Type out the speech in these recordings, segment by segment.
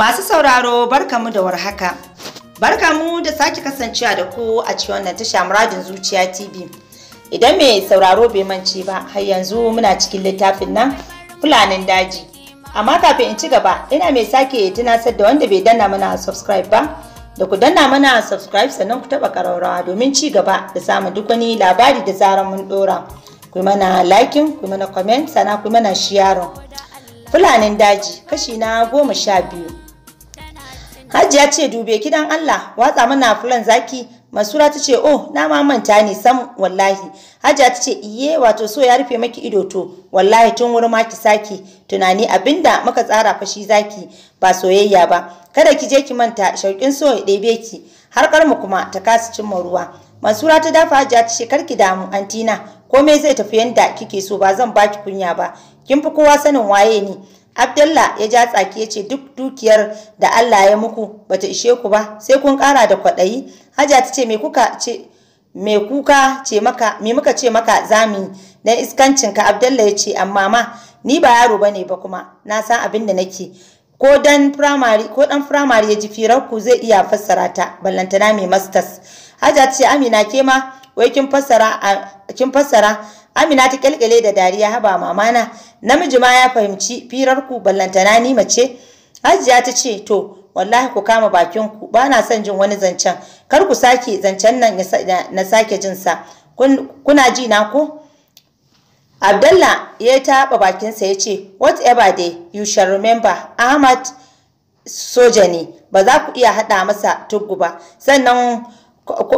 Masu sauraro barkamu da warhaka. Barkamu da sake kasancewa da ku a cikin wannan tasha muradin zuciya TV. Idan mai sauraro bai mance ba, har yanzu muna cikin littafin nan Fulanin daji. Amma kafin in ci gaba, ina mai sake tunasar da wanda bai danna mana subscribe ba, da ku danna mana subscribe sannan ku taba ƙararrawa domin ci gaba da samun duk wani labari da zarar mun ɗora, Ku mana liking, ku mana comment, sannan ku mana sharing. Fulanin daji kashi na goma sha biyu. Hajiya ce dube gidan Allah watsa mana fulan zaki Masura ta ce oh na ma manta ne sam wallahi Hajiya ta ce iye wato so ya rufe maki ido to wallahi tun wuri ma ki saki tunani abinda muka tsara fa shi zaki ba soyayya ba kada ki je ki manta shauƙin so ya ɗebe ki har mu kuma ta kasa cimma ruwa Masura ta dafa Hajiya ta ce ki damu antina komai zai tafi yanda kike so ba zan baki kunya ba kin fi kowa sanin waye ne. Abdullah ya ja tsaki ya ce duk dukiyar da Allah ya muku bata ishe ku ba sai kun ƙara da kwaɗayi. Haja ta ce me kuka ce ce maka me muka ce maka zami dan iskancin ka Abdullah ya ce amma ma ni ba yaro bane ba kuma na san abin da nake ko dan primary ko dan primary ya ji firar ku zai iya fassara ta ballantana mai masters Haja ta ce Amina ke ma wai kin fassara kin fassara Amina ta kyalkyale da dariya haba mamana namiji ma ya fahimci firar ku ballantana ni mace Hajiya ta ce to wallahi ku kama bakin ku ba na son jin wani zancen kar ku sake zancen nan na sake jin sa kuna ji na ku? Abdalla ya taɓa bakinsa ya ce whatever day you shall remember Ahmad soja ne ba za ku iya haɗa masa tuggu ba sannan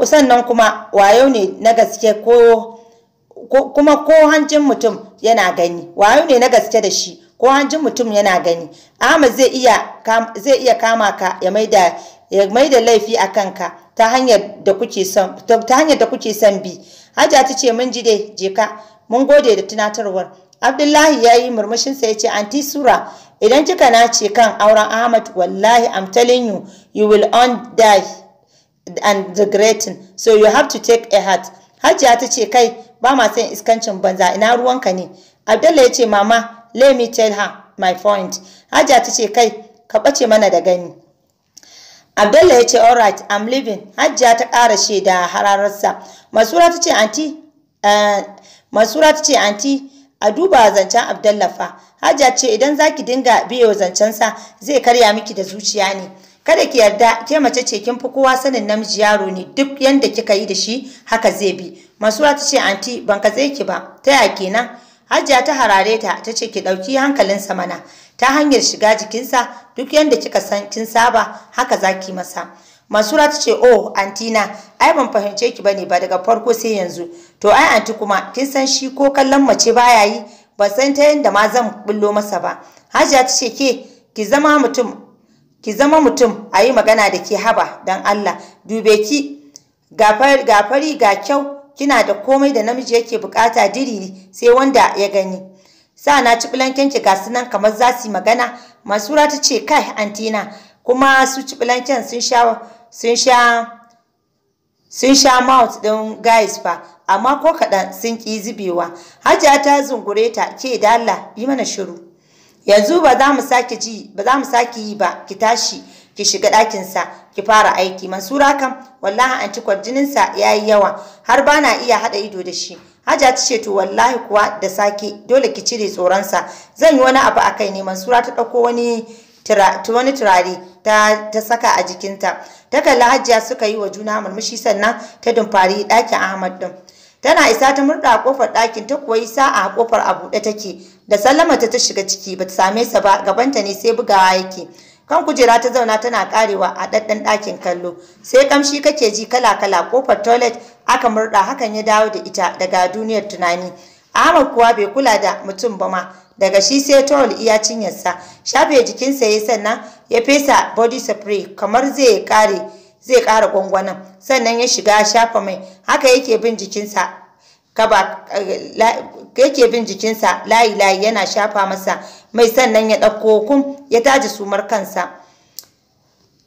sannan kuma wayo ne na gaske ko kuma ko hancin mutum yana gani wayo ne na gaske da shi ko hancin mutum yana gani Ahmad zai iya kama ka ya maida ya laifi a kanka ta hanyar da kuke son bi Hajiya ta ce mun ji dai je mun gode da tunatarwar Abdullahi ya yi murmushin sa ya ce anti Sura idan kika nace kan auren Ahmad wallahi I'm telling you you will on die and regretting so you have to take a heart Hajiya ta ce kai ba ma san iskancin banza ina ruwanka ne abdullahi ya ce mama let me tell her my point hajiya ta ce kai ka ɓace mana da gani abdullahi ya ce alright i'm leaving hajiya ta ƙara she da hararsa masura ta ce anti eh, masura ta anti a duba zancen abdullahi fa hajiya ce idan zaki dinga biyo zancensa zai karya miki da zuciya ne kada ki yarda ke mace ce kin fi kowa sanin namiji yaro ne duk yanda kika yi da shi haka zai bi masuwa ta ce anti ban katse ki ba ta ya kenan hajiya ta harare ta ta ce ki ɗauki hankalinsa mana ta hanyar shiga jikinsa duk yanda kika san kin saba haka za ki masa masura ta ce, "Oh, antina, ai ban fahimce ki bane ba daga farko sai yanzu. To ai anti kuma kin san shi ko kallon mace baya yi, ba san ta yanda ma zan bullo masa ba." Hajiya ta ce, "Ke ki zama mutum ki zama mutum a yi magana da ke haba don Allah dube ki ga fari ga kyau kina da komai da namiji yake bukata diri sai wanda ya gani sa na ci ki ga sunan kamar za su yi magana Masu ta ce kai antina kuma su ci bilanken sun sha sun sha sun mouth ɗin guys fa amma ko kaɗan sun ƙi zubewa hajiya ta zungure ta ke da Allah yi mana shiru yanzu ba za mu sake ji ba za mu sake yi ba ki tashi ki shiga ɗakin sa ki fara aiki mansura kam wallahi an ci jininsa ya yi yawa har ba na iya haɗa ido da shi hajja ta ce to wallahi kuwa da sake dole ki cire tsoron sa zan yi wani abu a kai ne mansura ta ɗauko wani wani turare ta, ta saka a jikinta ta kalli hajiya suka yi wa juna murmushi sannan ta dumfari ɗakin ahmad ɗin tana isa ta murda kofar ɗakin ta kuwa yi sa'a a ƙofar a buɗe take da sallama ta shiga ciki ba ta same sa ba gabanta ne sai bugawa yake kan kujera ta zauna tana karewa a daddan ɗakin kallo sai kamshi kake ji kala-kala kofar toilet aka murda hakan ya dawo da ita daga duniyar tunani ahmad kuwa bai kula da mutum ba ma daga shi sai towel iya cinyarsa shafe jikinsa ya sannan ya fesa body spray kamar zai kare zai kara gwangwanin sannan ya shiga shafa mai haka yake bin jikinsa kaba eh, yake bin jikinsa layi layi yana shafa masa mai sannan ya ɗauko kum ya taji sumar kansa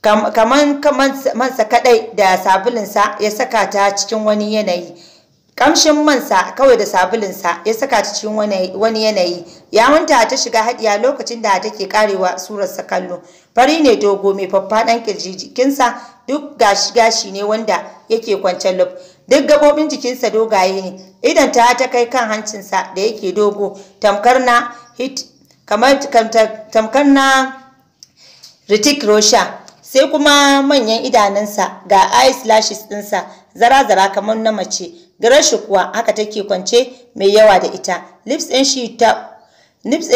kaman mansa kadai da sabulinsa ya saka ta cikin wani yanayi kamshin mansa kawai da sabulinsa ya saka ta cikin wani yanayi ya manta ta shiga haɗiya lokacin da take karewa surarsa kallo fari ne dogo mai faffaɗan kirji jikinsa duk gashi gashi ne wanda yake kwance lobe. duk gabobin jikinsa dogaye ne idan ta ta kai kan hancinsa da yake dogo tamkar na Ritik Rosha sai kuma manyan idanunsa ga eye lashes ɗinsa zara-zara kamar na mace garashi kuwa haka take kwance mai yawa da ita lips ɗin shi ta Nips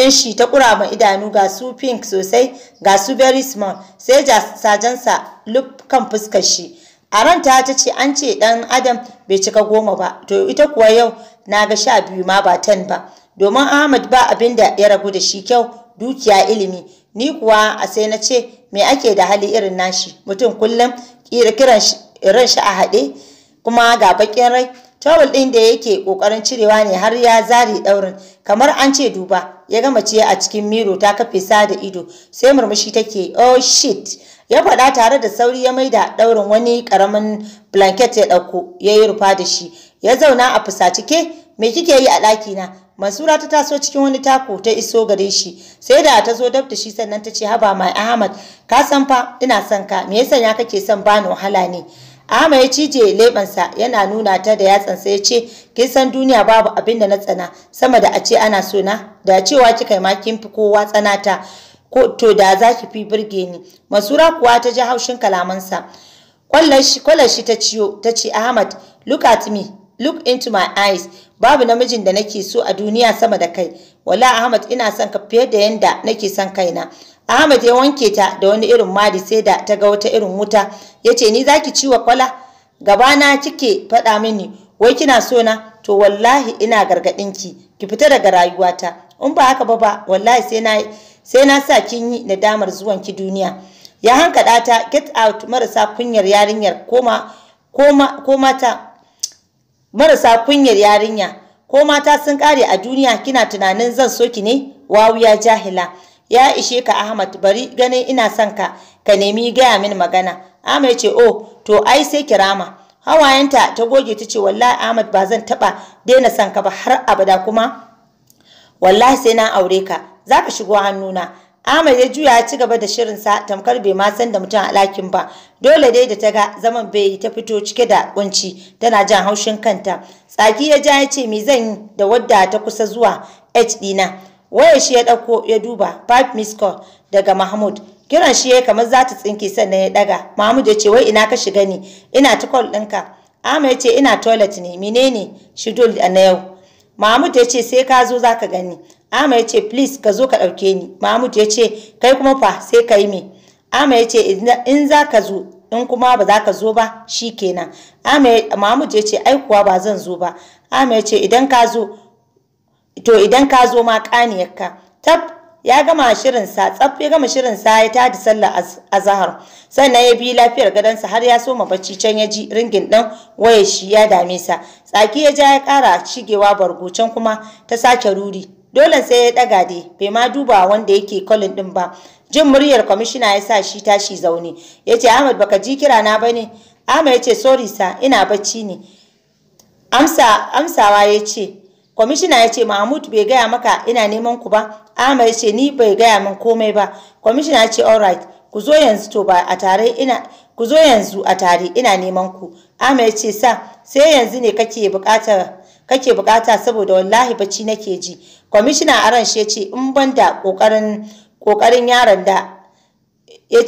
idanu ga su pink sosai ga su very small sai jasajensa luk kan fuskar shi a ranta ta ce an ce dan adam bai cika goma ba to ita kuwa yau na ga sha biyu ma ba tan ba domin ahmad ba abin da ya ragu da shi kyau dukiya ilimi ni kuwa a sai na ce me ake da hali irin nashi mutum kullum kiran ran shi a haɗe kuma ga bakin rai tawul ɗin da yake ƙoƙarin cirewa ne har ya zare ɗaurin kamar an ce duba ya gama ciye a cikin miro ta kafe sa da ido sai murmushi take oh shit ya faɗa tare da sauri ya maida ɗaurin wani ƙaramin blanket ya ɗauko ya yi rufa da shi ya zauna a fusace ke me kike yi a ɗaki na mansura ta taso cikin wani tako ta iso gare shi sai da ta zo dab da shi sannan ta ce haba mai ahmad ka san fa ina son ka me yasa ya kake son bani wahala ne Ahmad ya cije lebansa yana nuna ta da sai ya ce kin san duniya babu abin da na tsana sama da a ce ana sona. da cewa kika ma kin fi kowa tsanata ko to da za ki fi birge ni masura kuwa ta ji haushin kalamansa kwallar shi ta ciyo ta ce ahmad look at me look into my eyes babu namijin da nake so a duniya sama da kai wala ahmad ina son ka fiye da yanda nake son kaina ahmad ya wanke ta da wani irin madi sai da ta ga wata irin wuta ya ce ni zaki ciwa kwala gabana kike faɗa mini wai kina so na to wallahi ina gargaɗinki ki fita daga rayuwata in ba haka ba ba wallahi sai na sai na sa kin yi nadamar zuwan ki duniya ya hankada ta get out marasa kunyar yarinyar koma koma ko mata marasa kunyar yarinya ko mata sun kare a duniya kina tunanin zan so ki ne wawiya jahila ya ishe ka Ahmad bari ganin ina son ka ka nemi gaya min magana Ahmad ce oh to ai sai kirama hawayenta ta goge ta ce wallahi Ahmad ba zan taba daina son ka ba har abada kuma wallahi sai na aure ka za ka shigo hannuna Ahmad ya juya ya ci gaba da shirinsa tamkar bai ma san da mutum alakin ba. Dole dai da ta ga zaman bai yi ta fito cike da kunci tana jan haushin kanta. Tsaki ya ja ya ce me zan yi da wadda ta kusa zuwa H ɗina. Waya shi ya ɗauko ya duba five miss call daga Mahmud. Kiran shi ya kamar za ta tsinke sannan ya daga. Mahmud ya ce wai ina ka shiga ni ina ta call ɗinka. Ahmad ya ce ina toilet ne menene shidul na yau. Mahmud ya ce sai ka zo za ka gani. Ama ya ce please ka zo ka ɗauke ni. Mahmud ya ce kai kuma fa sai ka yi me. Ama ya ce in za ka zo in kuma ba za ka zo ba shi kenan. Mahmud ya ce ai kuwa ba zan zo ba. Ama ya ce idan ka zo to idan ka zo ma ƙaniyarka. Tab ya gama shirinsa tsaf ya gama shirinsa ya tada sallar azahar sannan ya bi lafiyar gadansa har ya soma bacci can ya ji ringin ɗan wayar shi ya dame sa tsaki ya ja ya kara shigewa bargo can kuma ta sake ruri dole sai ya ɗaga dai bai ma duba wanda yake kolin ɗin ba jin muryar kwamishina ya sa shi tashi zaune ya ce ahmad baka ji kira na ba ne ahmad ya ce sorry sa ina bacci ne amsawa ya ce kwamishina ya ce mahmud bai gaya maka ina neman ku ba ahmad ya ce ni bai gaya min komai ba kwamishina ya ce alright ku zo yanzu a tare ina neman ku ahmad ya ce sa sai yanzu ne kake bukata kake bukata saboda wallahi bacci nake ji kwamishina aran shi ya ce in ban da ƙoƙarin yaron da ya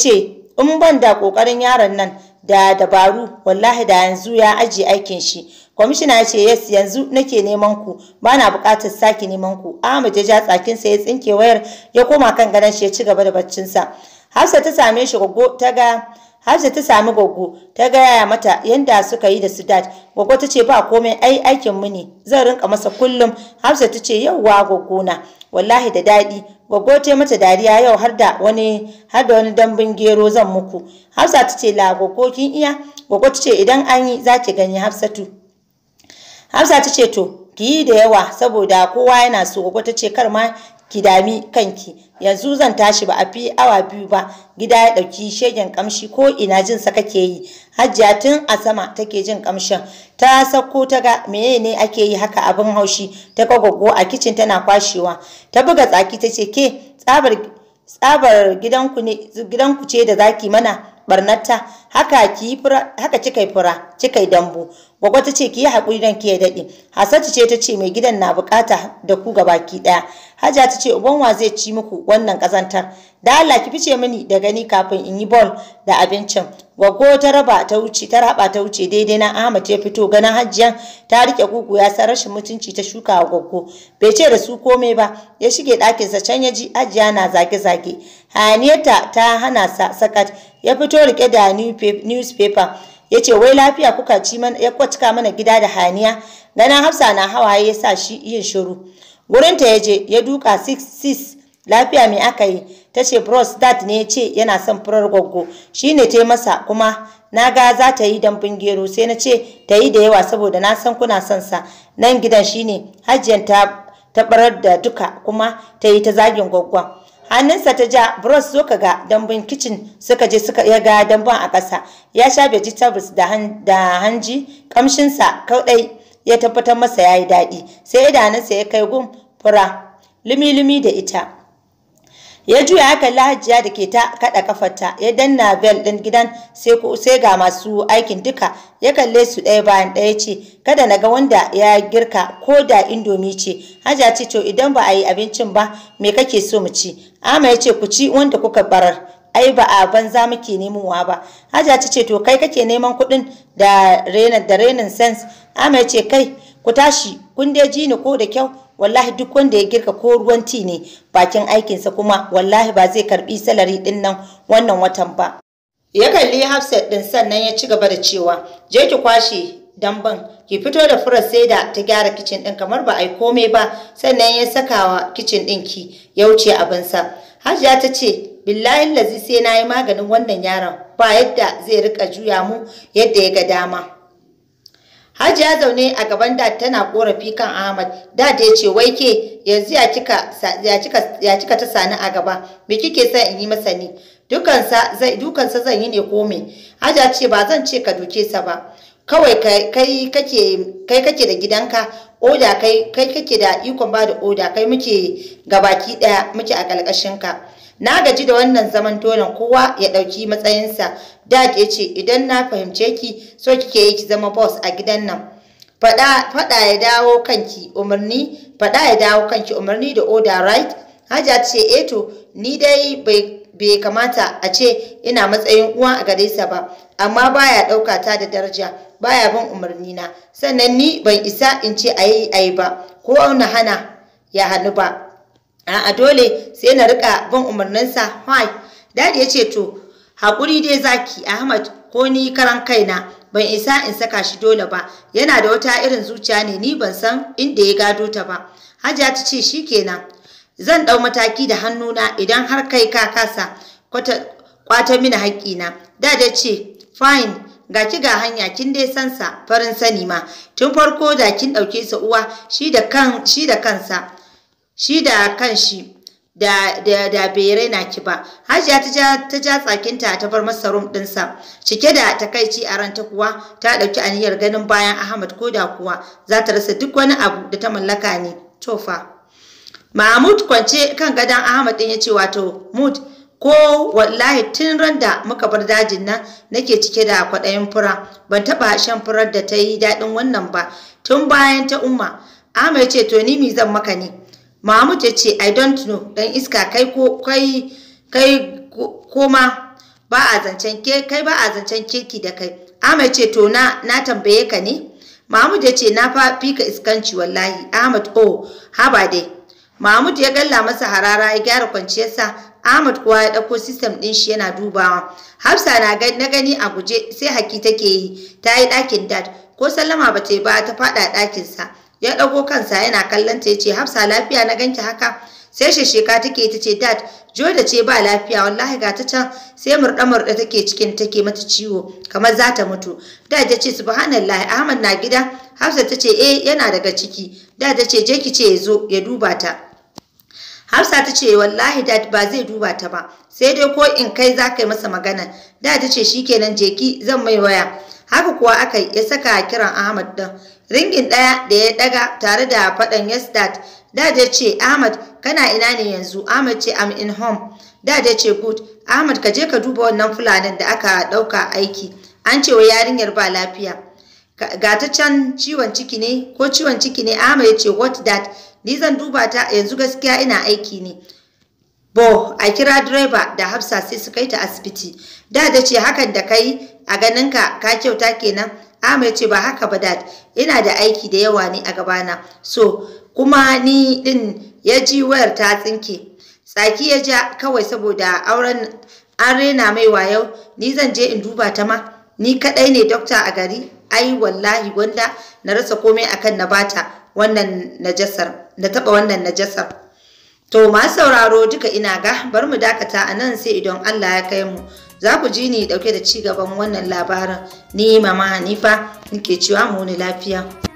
in ban da yaron nan da dabaru wallahi da yanzu ya ajiye aikin shi kwamishina ya ce yes yanzu nake neman ku ba na buƙatar sake neman ku ahmad ya ja tsakinsa ya tsinke wayar ya koma kan gadon shi ya ci gaba da baccinsa hafsa ta same shi gogo ta ga hafsa ta sami gogo ta gaya mata yadda suka yi da Sidat. Goggo ta ce ba komai ai aikin mu ne zan rinka masa kullum. Hafsa ta ce yauwa Goggo na wallahi da dadi gogo ta mata dariya yau har da wani har da wani dambun gero zan muku. Hafsa ta ce la gogo kin iya? Goggo ta ce idan an yi za ki gani Hafsatu. Hafsa ta ce to ki yi da yawa saboda kowa yana so Goggo ta ce kar ma ki dami kanki yanzu zan tashi ba a fi awa biyu ba gida ya ɗauki shegen kamshi ko ina jin sa kake yi hajjia tun a sama take jin kamshin ta sauko ta ga menene ake yi haka abin haushi ta ga a kicin tana kwashewa ta buga tsaki ta ce ke tsabar tsabar gidanku ce da zaki mana barnata haka kika yi fura dambu gwagwa ta ce ki yi haƙuri don ki ya daɗe hasatu ce ta ce mai gidan na buƙata da ku ga baki ɗaya hajja ta ce uban wa zai ci muku wannan ƙazantar da Allah ki fice mini da gani kafin in yi bol da abincin Gwaggo ta raba ta wuce, ta raba ta wuce daidai na Ahmad ya fito ganin Hajiya ta rike gugu ya san rashin mutunci ta shuka wa gwaggo. Bai ce da su komai ba, ya shige ɗakinsa can ya ji na zage-zage. hayaniyarta ta hana sa sakat, ya fito rike da newspaper. Ya ce wai lafiya kuka ci mana ya cika mana gida da haniya ganin Hafsa na hawaye ya sa shi yin shiru. Gurinta ya je ya duka 66 lafiya me aka yi tace bros dat ne yace yana son furar goggo shine ne masa kuma na ga za ta yi dambun gero sai na ce ta yi da yawa saboda na san kuna son sa nan gidan shine ne ta tabarar da duka kuma tayi ta zagin goggo hannunsa ta ja bros zo ka ga dambun kicin suka je suka ya ga dambun a ƙasa ya sha vegetables da hanji kamshinsa kaɗai ya tabbatar masa ya yi daɗi sai idanunsa ya kai gun fura lumi-lumi da ita ya juya haka lahajiya da ke ta kaɗa kafarta ya danna bel ɗin gidan sai ga masu aikin duka ya kalle su ɗaya bayan ɗaya ce kada na ga wanda ya girka ko da indomi ce haja ce to idan ba a yi abincin ba me kake so mu ci ama ya ce ku ci wanda kuka barar ai ba a banza muke nemowa ba haja ce to kai kake neman kuɗin da renin da renin sense ama ya ce kai ku tashi kun dai ji ni ko da kyau wallahi duk wanda ya girka ko ruwan ti ne bakin aikinsa kuma wallahi ba zai karbi salari din nan wannan watan ba ya kalli hafsat din sannan ya ci gaba da cewa je ki kwashe damban ki fito da furar saida ta gyara kicin din kamar ba a yi komai ba sannan ya sakawa kicin din ki ya wuce sa hajiya ta ce billahi lazi sai na yi maganin wannan yaron ba yadda zai rika juya mu yadda ya ga dama Hajiya zaune a gaban da tana korafi kan Ahmad. Dad ya ce wai ke yanzu ya kika ta sani a gaba. Me kike son in yi masa ni? Dukansa zai zan yi ne ko me? Hajiya ce ba zan ce ka duke sa ba. Kawai kai kake kai da gidanka oda kai kai kake da ikon ba da oda kai muke gabaki daya muke a kalkashin ka. na gaji da wannan zaman tolan kowa ya ɗauki matsayinsa dad ya ce idan na fahimce ki so kike yi ki zama boss a gidan nan faɗa ya dawo kanki umarni faɗa ya dawo kanki umarni da order right Hajiya ce eh to ni dai bai kamata a ce ina matsayin uwa a gare sa ba amma baya ɗauka ta da daraja baya bin umarni na sannan ni ban isa in ce ayi ayi ba ko na hana ya hannu ba a'a dole sai na rika bin umarninsa why dadi ya ce to hakuri dai zaki ahmad ko ni karan kaina ban isa in saka shi dole ba yana da wata irin zuciya ne ni ban san inda ya gado ta ba hajiya ta ce shi kenan zan ɗau mataki da hannuna idan har kai ka kasa kwata mini na da ya ce fine ga ki ga hanya kin dai san sa farin sani ma tun farko da kin ɗauke sa uwa shi da kan shi da kansa shi da kanshi da da da bai raina ki ba hajiya ta ja ta ja tsakinta ta bar masa rum dinsa cike da takaici a ranta kuwa ta dauki aniyar ganin bayan Ahmad ko da kuwa za ta rasa duk wani abu da ta mallaka ne tofa. fa Mahmud kwance kan gadon Ahmad din yace wato Mud ko wallahi tun ran da muka bar dajin nan nake cike da kwaɗayin fura ban taɓa shan furar da ta yi daɗin wannan ba tun bayan ta umma Ahmad ya ce to ni mi zan maka ne Mahmud ya ce I don't know dan iska kai ko kai kai koma ba a zancen ke kai ba a zancen keki da kai. Ahmad ce to na na tambaye ka ne? Mahmud ya ce na fa fika iskanci wallahi. Ahmad oh haba dai. Mahmud ya galla masa harara ya gyara kwanciyarsa Ahmad kuwa ya dauko system din shi yana dubawa. Hafsa na gani a guje sai haki take yi, ta yi ɗakin dad, ko sallama ba ta yi ba ta faɗa ɗakinsa. ya ɗago kansa yana kallon ta yace Hafsa lafiya na ganki haka sai shesheka take ta ce dad da ce ba lafiya wallahi ga ta can sai murɗa murɗa take cikin take mata ciwo kamar za ta mutu dad ya ce subhanallahi Ahmad na gida Hafsa ta ce eh yana daga ciki dad ya ce je ki ce ya ya duba ta Hafsa ta ce wallahi dad ba zai duba ta ba sai dai ko in kai za ka yi masa magana dad ta ce shikenan je ki zan mai waya haka kuwa aka ya saka kiran Ahmad din ringin ɗaya da ya ɗaga tare da faɗan yasdat ya ce ahmad kana ina ne yanzu ahmad ce am in home da ya ce good ahmad ka je ka duba wannan fulanin da aka ɗauka aiki an ce wa yarinyar ba lafiya ga ta can ciwon ciki ne ko ciwon ciki ne ahmad ya ce what that ni zan duba ta yanzu gaskiya ina aiki ne bo a kira direba da hafsa sai su kai ta asibiti da da ce hakan da kai a ganinka ka kyauta kenan Ahmed ce ba haka ba dad ina da aiki da yawa ne a gabana so kuma ni din ya ji wayar ta tsinke tsaki ya ja kawai saboda auren an rena mai wayau ni zan je in duba ta ma ni kadai ne dokta a gari ai wallahi gwanda na rasa komai akan na bata wannan najasar na taba wannan najasar to ma sauraro duka ina ga bar mu dakata anan sai idan Allah ya kai mu za ku ji ni dauke da ci gaban wannan labarin ni mama Hanifa nike cewa mu ne lafiya